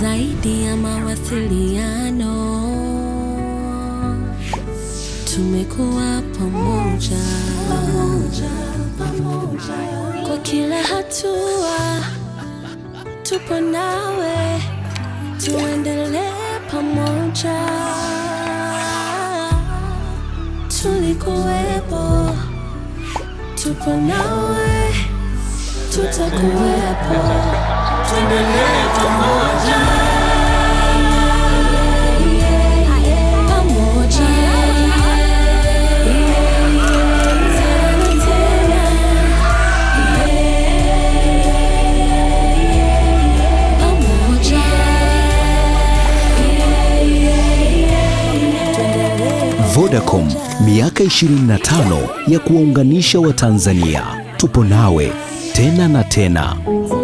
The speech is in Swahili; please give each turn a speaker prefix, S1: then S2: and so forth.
S1: zaidi ya mawasiliano, tumekuwa pamoja, pamoja, pamoja kwa kila hatua, tupo nawe, tuendelee pamoja, tulikuwepo, tupo nawe, tutakuwepo.
S2: Vodacom miaka 25 ya kuwaunganisha Watanzania. Tupo nawe tena na tena.